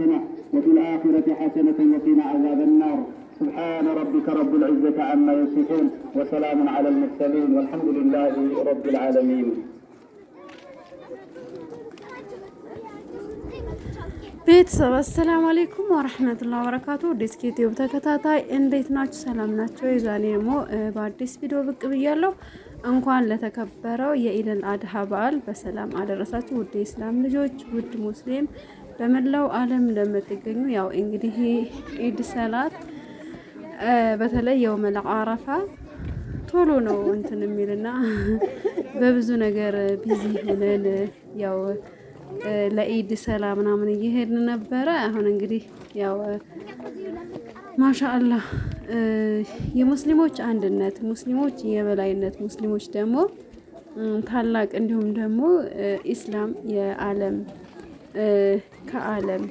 حسنة وفي الآخرة حسنة وقنا عذاب النار سبحان ربك رب العزة عما يصفون وسلام على المرسلين والحمد لله رب العالمين ቤተሰብ አሰላሙ አሌይኩም ወረህመቱላ ወበረካቱ። ዲስክ ዩቲዩብ ተከታታይ እንዴት ናችሁ? ሰላም ናቸው። የዛኔ ደግሞ በአዲስ ቪዲዮ ብቅ ብያለሁ። እንኳን ለተከበረው የኢደል አድሃ በዓል በሰላም አደረሳችሁ። ውድ የእስላም ልጆች፣ ውድ ሙስሊም በመላው ዓለም ለምትገኙ ያው እንግዲህ ኢድ ሰላት በተለይ የው የውመል አረፋ ቶሎ ነው እንትን የሚልና በብዙ ነገር ቢዚ ሆነን ያው ለኢድ ሰላ ምናምን እየሄድን ነበረ። አሁን እንግዲህ ያው ማሻአላ የሙስሊሞች አንድነት፣ ሙስሊሞች የበላይነት፣ ሙስሊሞች ደግሞ ታላቅ እንዲሁም ደግሞ ኢስላም የዓለም ከዓለም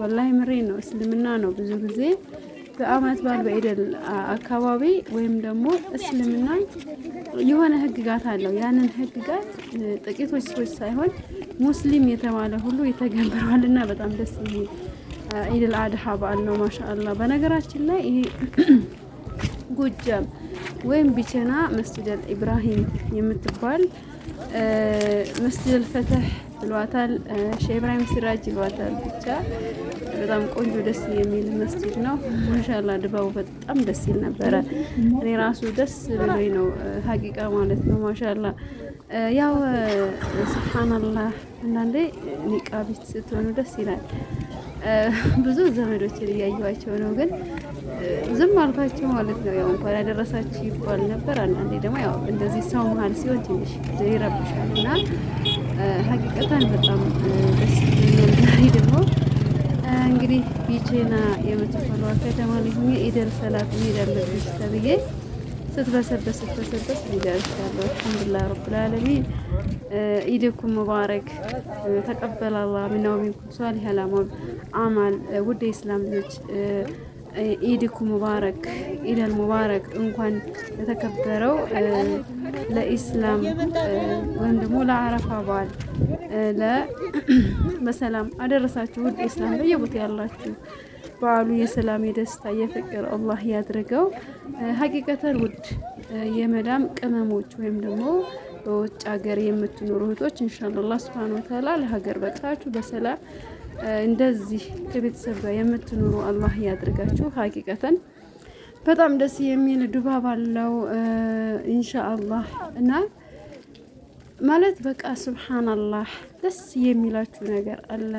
ወላሂ ምሬ ነው። እስልምና ነው ብዙ ጊዜ በአመት በዓል በኢደል አካባቢ ወይም ደግሞ እስልምና የሆነ ህግጋት አለው። ያንን ህግጋት ጥቂቶች ሰዎች ሳይሆን ሙስሊም የተባለ ሁሉ የተገበረዋል እና በጣም ደስ የሚል ኢደል አድሃ በዓል ነው። ማሻአላ በነገራችን ላይ ይሄ ጎጃም ወይም ቢቸና መስጅደል ኢብራሂም የምትባል መስጅደል ፈተህ ብሏታል፣ ሼህ ኢብራሂም ሲራጅ ይሏታል። ብቻ በጣም ቆንጆ ደስ የሚል መስጅድ ነው። ማሻላ ድባቡ በጣም ደስ ይል ነበረ። እኔ ራሱ ደስ ብሎኝ ነው ሀቂቃ ማለት ነው። ማሻላ ያው ስብሓናላህ አንዳንዴ ኒቃ ቤት ስትሆኑ ደስ ይላል። ብዙ ዘመዶችን እያየኋቸው ነው፣ ግን ዝም አልኳቸው ማለት ነው። ያው እንኳን ያደረሳችሁ ይባል ነበር። አንዳንዴ ደግሞ ያው እንደዚህ ሰው መሀል ሲሆን ትንሽ ይረብሻል እና ሀቂቀታን በጣም ደስ ዛሬ ደግሞ እንግዲህ ቢቼና የምትፈሯ ከተማ ላይ ሆኜ ኢደል ሰላት ሄዳለብሽ ተብዬ ስትበሰበስ ስትበሰበስ ሊዳርሻለሁ። አልሐምዱሊላህ ረብል ዓለሚን ኢድኩም ሙባረክ ተቀበላላ ምናው ሚንኩም ሷሊህ አላማም አማል ውድ የእስላም ልጆች ኢድኩም ሙባረክ ኢደል ሙባረክ እንኳን ለተከበረው ለኢስላም ወይም ደግሞ ለአረፋ በዓል በሰላም አደረሳችሁ። ውድ ኢስላም በየቦታ ያላችሁ በዓሉ የሰላም የደስታ የፍቅር አላህ ያድርገው። ሀቂቀተን ውድ የመዳም ቅመሞች ወይም ደግሞ በውጭ ሀገር የምትኖሩ እህቶች ኢንሻአላህ ስብሃነ ወተዓላ ለሀገር በቅታችሁ በሰላም እንደዚህ ከቤተሰብ ጋር የምትኖሩ አላህ ያድርጋችሁ። ሀቂቀተን በጣም ደስ የሚል ድባብ አለው ኢንሻአላህ እና ማለት በቃ ሱብሃነላህ ደስ የሚላችሁ ነገር አለ።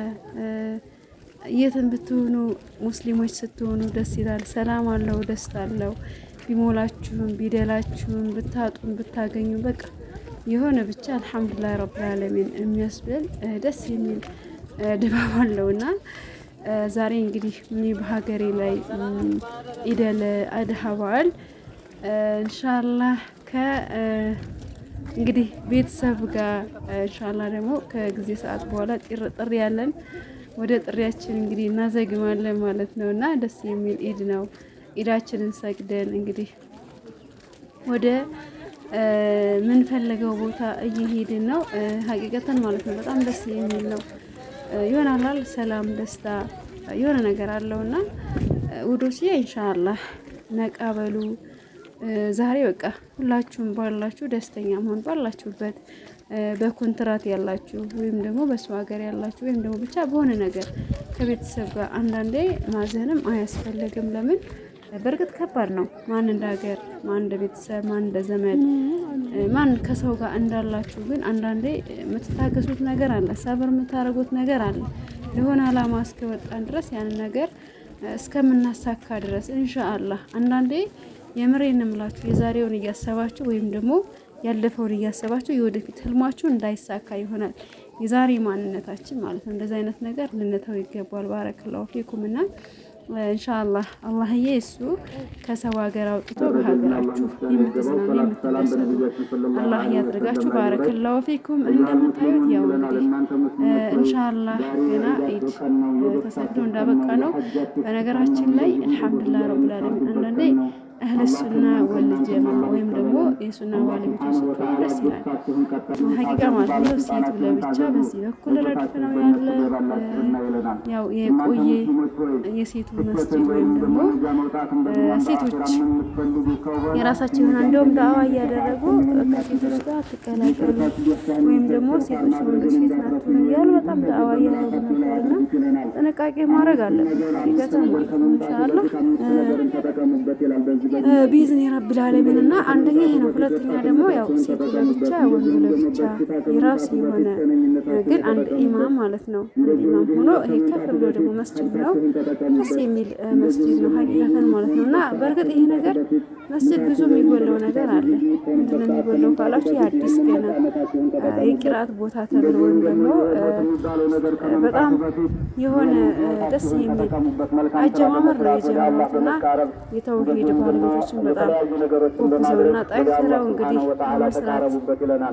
የትን ብትሆኑ ሙስሊሞች ስትሆኑ ደስ ይላል። ሰላም አለው፣ ደስታ አለው። ቢሞላችሁም ቢደላችሁም ብታጡም ብታገኙ በቃ የሆነ ብቻ አልሐምዱሊላህ ረብል ዓለሚን የሚያስብል ደስ የሚል ድባብ አለው እና ዛሬ እንግዲህ ምን በሀገሬ ላይ ኢደል አድሃ በዓል እንሻላህ ከ እንግዲህ ቤተሰብ ጋር ኢንሻአላህ ደግሞ ከጊዜ ሰዓት በኋላ ጥሪ ያለን ወደ ጥሪያችን እንግዲህ እናዘግማለን ማለት ነው እና ደስ የሚል ኢድ ነው። ኢዳችንን ሰግደን እንግዲህ ወደ ምንፈልገው ቦታ እየሄድን ነው። ሀቂቀተን ማለት ነው በጣም ደስ የሚል ነው። ይሆናላል ሰላም፣ ደስታ የሆነ ነገር እና ውዶች ኢንሻአላህ ነቃ በሉ። ዛሬ በቃ ሁላችሁም ባላችሁ ደስተኛ መሆን ባላችሁበት በኮንትራት ያላችሁ ወይም ደግሞ በሰው ሀገር ያላችሁ ወይም ደግሞ ብቻ በሆነ ነገር ከቤተሰብ ጋር አንዳንዴ ማዘንም አያስፈለግም። ለምን በእርግጥ ከባድ ነው። ማን እንደ ሀገር፣ ማን እንደ ቤተሰብ፣ ማን እንደ ዘመድ፣ ማን ከሰው ጋር እንዳላችሁ ግን አንዳንዴ የምትታገሱት ነገር አለ፣ ሰብር የምታደርጉት ነገር አለ። ለሆነ አላማ እስከወጣን ድረስ ያንን ነገር እስከምናሳካ ድረስ እንሻአላህ አንዳንዴ የምሬን እምላችሁ የዛሬውን እያሰባችሁ ወይም ደግሞ ያለፈውን እያሰባችሁ የወደፊት ህልማችሁ እንዳይሳካ ይሆናል። የዛሬ ማንነታችን ማለት ነው። እንደዚህ አይነት ነገር ልንተው ይገባል። ፊኩም ፊኩምና ኢንሻአላህ አላህዬ እሱ ከሰው ሀገር አውጥቶ በሀገራችሁ የምትዝናኑ የምትደሰቱ አላህ እያደረጋችሁ። ባረከላሁ ፊኩም። እንደምታዩት ያው እንግዲህ ገና ኢድ ተሰግዶ እንዳበቃ ነው። በነገራችን ላይ አልሐምዱሊላህ ረብል አንዳንዴ እህልሱና ወልጅ ወይም ደግሞ የሱና ባለቤቶች ስትሆን ደስ ይላል። ሀቂቃ ማለት ነው። ሴት ለብቻ በዚህ በኩል ረድፍ ነው ያለ ያው የቆየ የሴቱ መስጂድ ወይም ደግሞ ሴቶች የራሳቸው የሆነ እንደውም ዳዋ እያደረጉ ከሴቶች ጋር ትቀላቀሉ ወይም ደግሞ ሴቶች ወንዶች ፊት ናቱን እያሉ በጣም ዳዋ እያደረጉ ነበርና ጥንቃቄ ማድረግ አለብን። ይገተማ ይሻለ ቢዝን የረብ ላለሚን እና አንደኛ ይሄ ነው። ሁለተኛ ደግሞ ያው ሴት ለብቻ ወንዱ ለብቻ የራሱ የሆነ ግን አንድ ኢማም ማለት ነው። አንድ ኢማም ሆኖ ይሄ ከፍ ብሎ ደግሞ መስጅድ ነው። ደስ የሚል መስጅድ ነው ሀቂቀተን ማለት ነው። እና በእርግጥ ይሄ ነገር መስጅድ ብዙ የሚጎለው ነገር አለ። ምንድን ነው የሚጎለው ካላችሁ የአዲስ ገና የቂራት ቦታ ተብሎ ወይም ደግሞ በጣም የሆነ ደስ የሚል አጀማመር ነው የጀመሩት እና የተውሂድ ባለቤቶችን በጣም ጎብዘውና ጠንክረው እንግዲህ በመስራት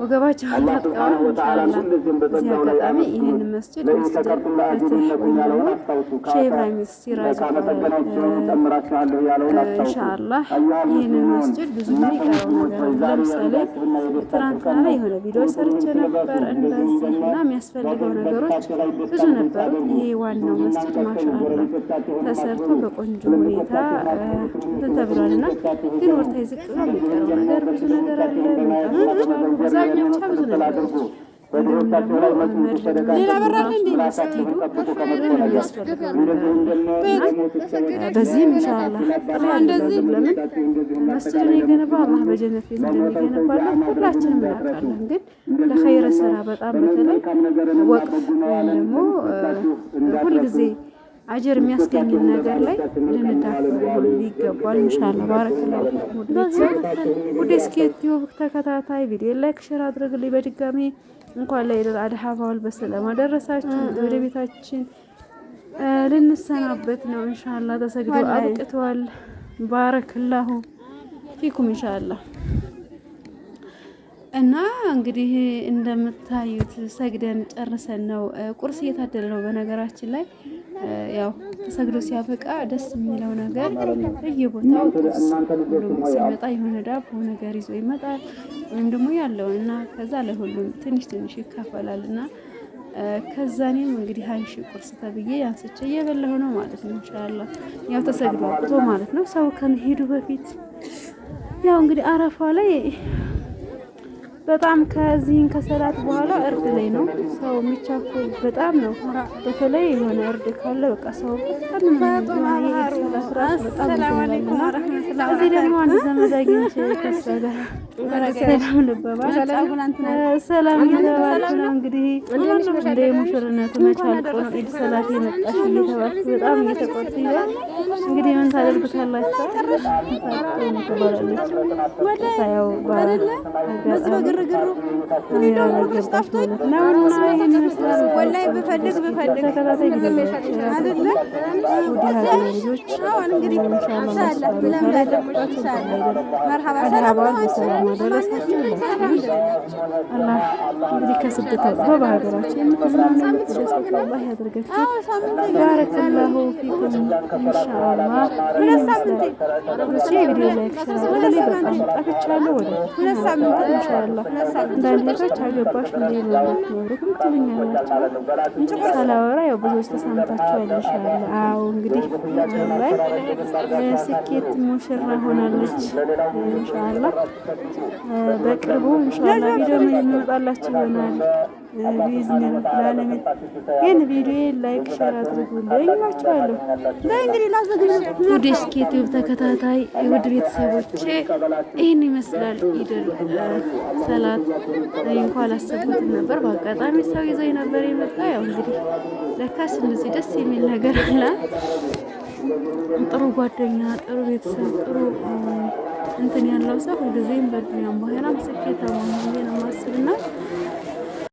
ወገባቸውን ታጥቀዋል። እንሻላ እዚህ አጋጣሚ ይህን መስጅድ መስጅድ ፈትህ ወይም ደግሞ ሼህ ኢብራሂም ሲራጅ እንሻላ ይህንን መስጅድ ብዙ ጊዜ ይቀረው ነገር ለምሳሌ ትናንትና ላይ የሆነ ቪዲዮ ሰርቼ ነበር። እንደዚህ እና የሚያስፈልገው ነገሮች ብዙ ነበሩ። ይሄ ዋናው መስጅድ ማሻላ ተሰርቶ በቆንጆ ሁኔታ ተብሏል። እና ግን ወርታ የዝቅ ብሎ የሚቀረው ነገር ብዙ ነገር አለ። አብዛኛው ብቻ ብዙ ነገሮች ሌላ በራል ኢንሻላህ እንደዚህ ለምን መስጅድን የገነባ አላህ በጀነት ቤት ሁላችንም እናውቃለን። ግን ለኸይረ ስራ በጣም በተለይ ወቅፍ ወይም ደግሞ ሁልጊዜ አጀር የሚያስገኝን ነገር ላይ ልንዳፈል ይገባል። እንሻላ ባረክላ ውድ ስኬት ዩቲዩብ ተከታታይ ቪዲዮ ላይክ፣ ሼር አድርግልኝ። በድጋሚ እንኳን ላይ አል አድሃ በዓል በሰላም አደረሳችሁ። ወደ ቤታችን ልንሰናበት ነው። እንሻላ ተሰግዶ አብቅቷል። ባረክላሁ ፊኩም እንሻላ እና እንግዲህ እንደምታዩት ሰግደን ጨርሰን ነው ቁርስ እየታደለ ነው። በነገራችን ላይ ያው ተሰግዶ ሲያበቃ ደስ የሚለው ነገር በየቦታው ሁሉም ሲመጣ የሆነ ዳቦ ነገር ይዞ ይመጣል፣ ወይም ደግሞ ያለውን እና ከዛ ለሁሉም ትንሽ ትንሽ ይካፈላል እና ከዛ እኔም እንግዲህ ሀይሽ ቁርስ ተብዬ አንስቼ እየበላሁ ነው ማለት ነው። እንሻላ ያው ተሰግዶ አብቅቶ ማለት ነው ሰው ከመሄዱ በፊት ያው እንግዲህ አረፋ ላይ በጣም ከዚህን ከሰላት በኋላ እርድ ላይ ነው ሰው የሚቻኩ በጣም ነው። በተለይ የሆነ እርድ ካለ በቃ ሰው እዚህ ደግሞ አንድ ዘመድ አግኝቼ ከሰለ ሰላም ልበባል ሰላም እየተባልኩ ነው እንግዲህ እንደ ሙሽርነቱ መቻልቆ ነው ኢድ ሰላት የመጣሽ እየተባልኩ በጣም እየተቆጡ ይላል። እንግዲህ ምን ታደርጉታላቸው ታቆ ትባላለች ያው በአጋጣሚ ግርግሩ እኔ ደግሞ ሞቶች ጠፍቶኝ ወላሂ ብፈልግ ብፈልግ አይደለ እንግዲህ መርሀባ እንግዲህ ከስደት አጥቦ በሀገራችን የምትዝናኑ ደሰላ ያደርጋችሁ። ባረከላሁ ፊኩም ኢንሻአላ። ሁለት ሳምንት ወደ ሁለት ሳምንት ኢንሻአላ አንዳንዶች አገባሽ ብዬ ነው ምክም ሳላወራ ያው ብዙዎች ተሰምታቸው ያለሻለ። አዎ እንግዲህ ላይ ስኬት ሙሽራ ሆናለች። እንሻላ በቅርቡ እንሻላ ቪዲዮ ምን ይሆናል። ቢዝነስ ለዓለም ግን ቪዲዮ ላይክ ሼር አድርጉልኝ እላችኋለሁ። እንግዲህ ውድ ስኬቲቭ ተከታታይ ውድ ቤተሰቦቼ ይህን ይመስላል። ኢድል ሰላት እንኳ አላሰብኩትም ነበር። በአጋጣሚ ሰው ይዘው ነበር የመጣ ያው እንግዲህ ለካስ እንደዚህ ደስ የሚል ነገር አለ። ጥሩ ጓደኛ፣ ጥሩ ቤተሰብ፣ ጥሩ እንትን ያለው ሰው ሁልጊዜም በዱንያም በኋላም ስኬታማ ነው የማስብና